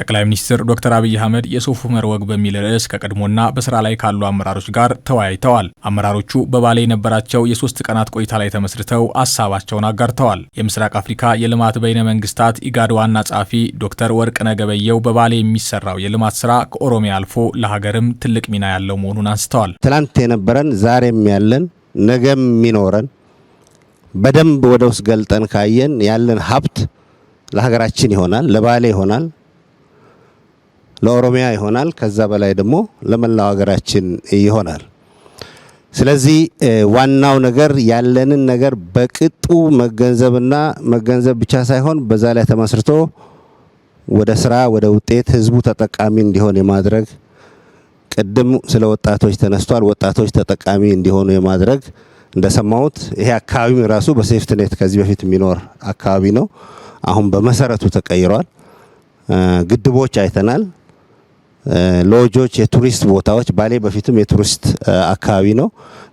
ጠቅላይ ሚኒስትር ዶክተር አብይ አህመድ የሶፍ ዑመር ወግ በሚል ርዕስ ከቀድሞና በስራ ላይ ካሉ አመራሮች ጋር ተወያይተዋል። አመራሮቹ በባሌ የነበራቸው የሶስት ቀናት ቆይታ ላይ ተመስርተው ሀሳባቸውን አጋርተዋል። የምስራቅ አፍሪካ የልማት በይነ መንግስታት ኢጋድ ዋና ጸሐፊ ዶክተር ወርቅነህ ገበየሁ በባሌ የሚሰራው የልማት ስራ ከኦሮሚያ አልፎ ለሀገርም ትልቅ ሚና ያለው መሆኑን አንስተዋል። ትላንት የነበረን ዛሬም ያለን ነገም የሚኖረን በደንብ ወደ ውስጥ ገልጠን ካየን ያለን ሀብት ለሀገራችን ይሆናል፣ ለባሌ ይሆናል ለኦሮሚያ ይሆናል። ከዛ በላይ ደግሞ ለመላው ሀገራችን ይሆናል። ስለዚህ ዋናው ነገር ያለንን ነገር በቅጡ መገንዘብና መገንዘብ ብቻ ሳይሆን በዛ ላይ ተመስርቶ ወደ ስራ ወደ ውጤት ህዝቡ ተጠቃሚ እንዲሆን የማድረግ ቅድም ስለ ወጣቶች ተነስቷል። ወጣቶች ተጠቃሚ እንዲሆኑ የማድረግ እንደሰማሁት ይሄ አካባቢ ራሱ በሴፍትኔት ከዚህ በፊት የሚኖር አካባቢ ነው። አሁን በመሰረቱ ተቀይሯል። ግድቦች አይተናል። ሎጆች፣ የቱሪስት ቦታዎች ባሌ በፊትም የቱሪስት አካባቢ ነው፣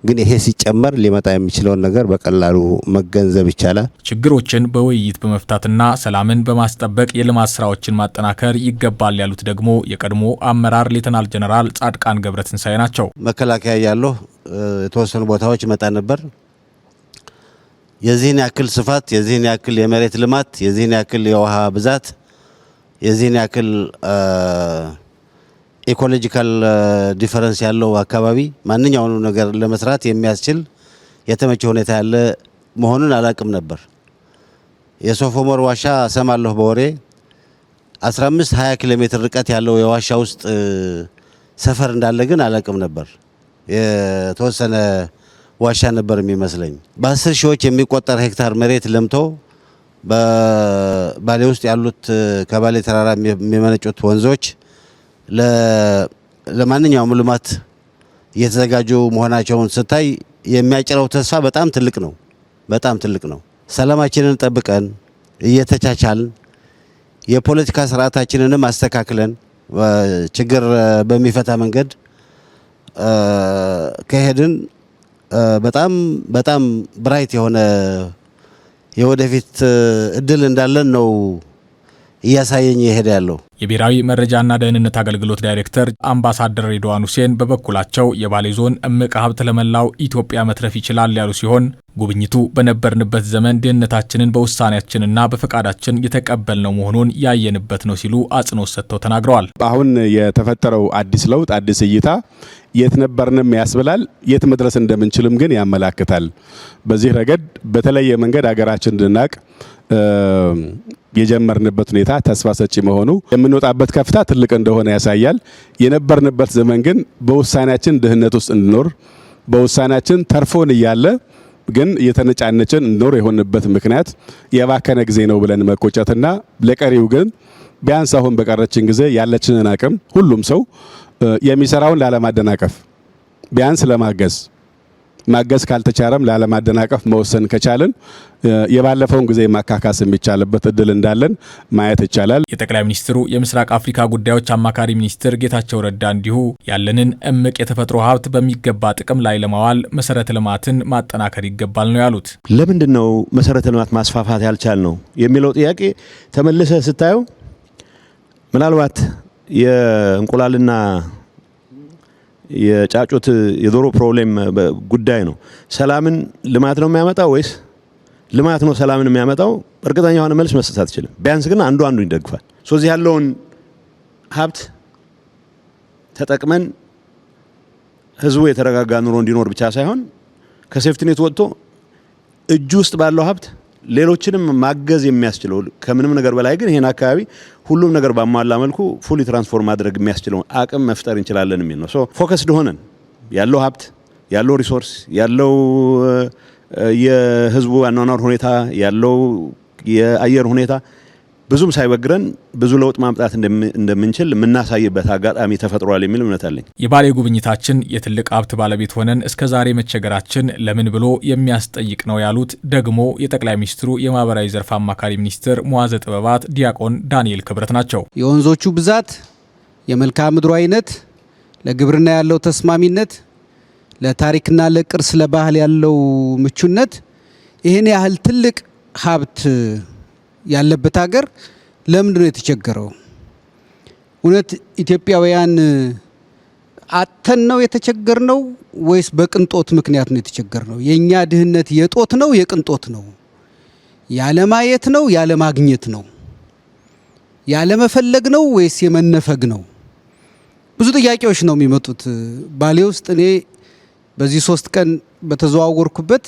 ግን ይሄ ሲጨመር ሊመጣ የሚችለውን ነገር በቀላሉ መገንዘብ ይቻላል። ችግሮችን በውይይት በመፍታትና ሰላምን በማስጠበቅ የልማት ስራዎችን ማጠናከር ይገባል ያሉት ደግሞ የቀድሞ አመራር ሌተናል ጀነራል ጻድቃን ገብረትንሳኤ ናቸው። መከላከያ ያለው የተወሰኑ ቦታዎች ይመጣ ነበር። የዚህን ያክል ስፋት፣ የዚህን ያክል የመሬት ልማት፣ የዚህን ያክል የውሃ ብዛት፣ የዚህን ያክል ኢኮሎጂካል ዲፈረንስ uh, ያለው አካባቢ ማንኛውኑ ነገር ለመስራት የሚያስችል የተመቸ ሁኔታ ያለ መሆኑን አላቅም ነበር። የሶፎሞር ዋሻ ሰማለሁ በወሬ 15 20 ኪሎ ሜትር ርቀት ያለው የዋሻ ውስጥ uh, ሰፈር እንዳለ ግን አላቅም ነበር። የተወሰነ ዋሻ ነበር የሚመስለኝ። በ10 ሺዎች የሚቆጠር ሄክታር መሬት ለምቶ በባሌ ውስጥ ያሉት uh, ከባሌ ተራራ የሚመነጩት ወንዞች ለማንኛውም ልማት እየተዘጋጁ መሆናቸውን ስታይ የሚያጭረው ተስፋ በጣም ትልቅ ነው። በጣም ትልቅ ነው። ሰላማችንን ጠብቀን እየተቻቻልን የፖለቲካ ስርዓታችንንም አስተካክለን ችግር በሚፈታ መንገድ ከሄድን በጣም በጣም ብራይት የሆነ የወደፊት እድል እንዳለን ነው እያሳየኝ የሄደ ያለው የብሔራዊ መረጃና ደህንነት አገልግሎት ዳይሬክተር አምባሳደር ሬድዋን ሁሴን በበኩላቸው የባሌ ዞን እምቅ ሀብት ለመላው ኢትዮጵያ መትረፍ ይችላል ያሉ ሲሆን ጉብኝቱ በነበርንበት ዘመን ደህንነታችንን በውሳኔያችንና በፈቃዳችን የተቀበልነው መሆኑን ያየንበት ነው ሲሉ አጽንኦት ሰጥተው ተናግረዋል። አሁን የተፈጠረው አዲስ ለውጥ፣ አዲስ እይታ የት ነበርንም ያስብላል፣ የት መድረስ እንደምንችልም ግን ያመላክታል። በዚህ ረገድ በተለየ መንገድ አገራችን እንድናቅ የጀመርንበት ሁኔታ ተስፋ ሰጪ መሆኑ የምንወጣበት ከፍታ ትልቅ እንደሆነ ያሳያል። የነበርንበት ዘመን ግን በውሳኔያችን ድህነት ውስጥ እንድኖር በውሳኔያችን ተርፎን እያለ ግን እየተነጫነችን እንድኖር የሆንበት ምክንያት የባከነ ጊዜ ነው ብለን መቆጨትና ለቀሪው ግን ቢያንስ አሁን በቀረችን ጊዜ ያለችንን አቅም ሁሉም ሰው የሚሰራውን ላለማደናቀፍ ቢያንስ ለማገዝ ማገዝ ካልተቻለም ላለማደናቀፍ መወሰን ከቻልን የባለፈውን ጊዜ ማካካስ የሚቻልበት እድል እንዳለን ማየት ይቻላል። የጠቅላይ ሚኒስትሩ የምስራቅ አፍሪካ ጉዳዮች አማካሪ ሚኒስትር ጌታቸው ረዳ እንዲሁ ያለንን እምቅ የተፈጥሮ ሀብት በሚገባ ጥቅም ላይ ለማዋል መሰረተ ልማትን ማጠናከር ይገባል ነው ያሉት። ለምንድን ነው መሰረተ ልማት ማስፋፋት ያልቻል ነው የሚለው ጥያቄ ተመልሰ ስታየው ምናልባት የእንቁላልና የጫጩት የዶሮ ፕሮብሌም ጉዳይ ነው። ሰላምን ልማት ነው የሚያመጣው ወይስ ልማት ነው ሰላምን የሚያመጣው? እርግጠኛ የሆነ መልስ መስጠት አትችልም። ቢያንስ ግን አንዱ አንዱ ይደግፋል። ስለዚህ ያለውን ሀብት ተጠቅመን ህዝቡ የተረጋጋ ኑሮ እንዲኖር ብቻ ሳይሆን ከሴፍትኔት ወጥቶ እጁ ውስጥ ባለው ሀብት ሌሎችንም ማገዝ የሚያስችለው ከምንም ነገር በላይ ግን ይሄን አካባቢ ሁሉም ነገር ባሟላ መልኩ ፉሊ ትራንስፎርም ማድረግ የሚያስችለውን አቅም መፍጠር እንችላለን የሚል ነው። ፎከስ ፎከስድ ያለው ሀብት ያለው ሪሶርስ ያለው የህዝቡ አኗኗር ሁኔታ ያለው የአየር ሁኔታ ብዙም ሳይበግረን ብዙ ለውጥ ማምጣት እንደምንችል የምናሳይበት አጋጣሚ ተፈጥሯል የሚል እምነት አለኝ። የባሌ ጉብኝታችን የትልቅ ሀብት ባለቤት ሆነን እስከ ዛሬ መቸገራችን ለምን ብሎ የሚያስጠይቅ ነው ያሉት ደግሞ የጠቅላይ ሚኒስትሩ የማህበራዊ ዘርፍ አማካሪ ሚኒስትር መዋዘ ጥበባት ዲያቆን ዳንኤል ክብረት ናቸው። የወንዞቹ ብዛት፣ የመልክዓ ምድሩ አይነት፣ ለግብርና ያለው ተስማሚነት፣ ለታሪክና ለቅርስ ለባህል ያለው ምቹነት ይህን ያህል ትልቅ ሀብት ያለበት ሀገር ለምንድን ነው የተቸገረው? እውነት ኢትዮጵያውያን አተን ነው የተቸገር ነው ወይስ በቅንጦት ምክንያት ነው የተቸገር ነው? የእኛ ድህነት የጦት ነው የቅንጦት ነው? ያለማየት ነው ያለማግኘት ነው? ያለመፈለግ ነው ወይስ የመነፈግ ነው? ብዙ ጥያቄዎች ነው የሚመጡት። ባሌ ውስጥ እኔ በዚህ ሶስት ቀን በተዘዋወርኩበት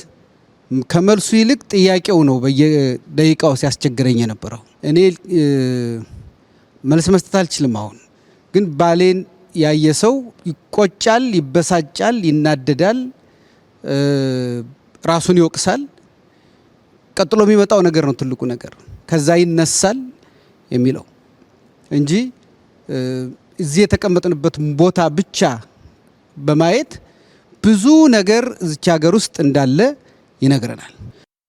ከመልሱ ይልቅ ጥያቄው ነው በየደቂቃው ሲያስቸግረኝ የነበረው። እኔ መልስ መስጠት አልችልም። አሁን ግን ባሌን ያየ ሰው ይቆጫል፣ ይበሳጫል፣ ይናደዳል፣ ራሱን ይወቅሳል። ቀጥሎ የሚመጣው ነገር ነው ትልቁ ነገር፣ ከዛ ይነሳል የሚለው እንጂ እዚህ የተቀመጥንበት ቦታ ብቻ በማየት ብዙ ነገር እዚች ሀገር ውስጥ እንዳለ ይነግረናል።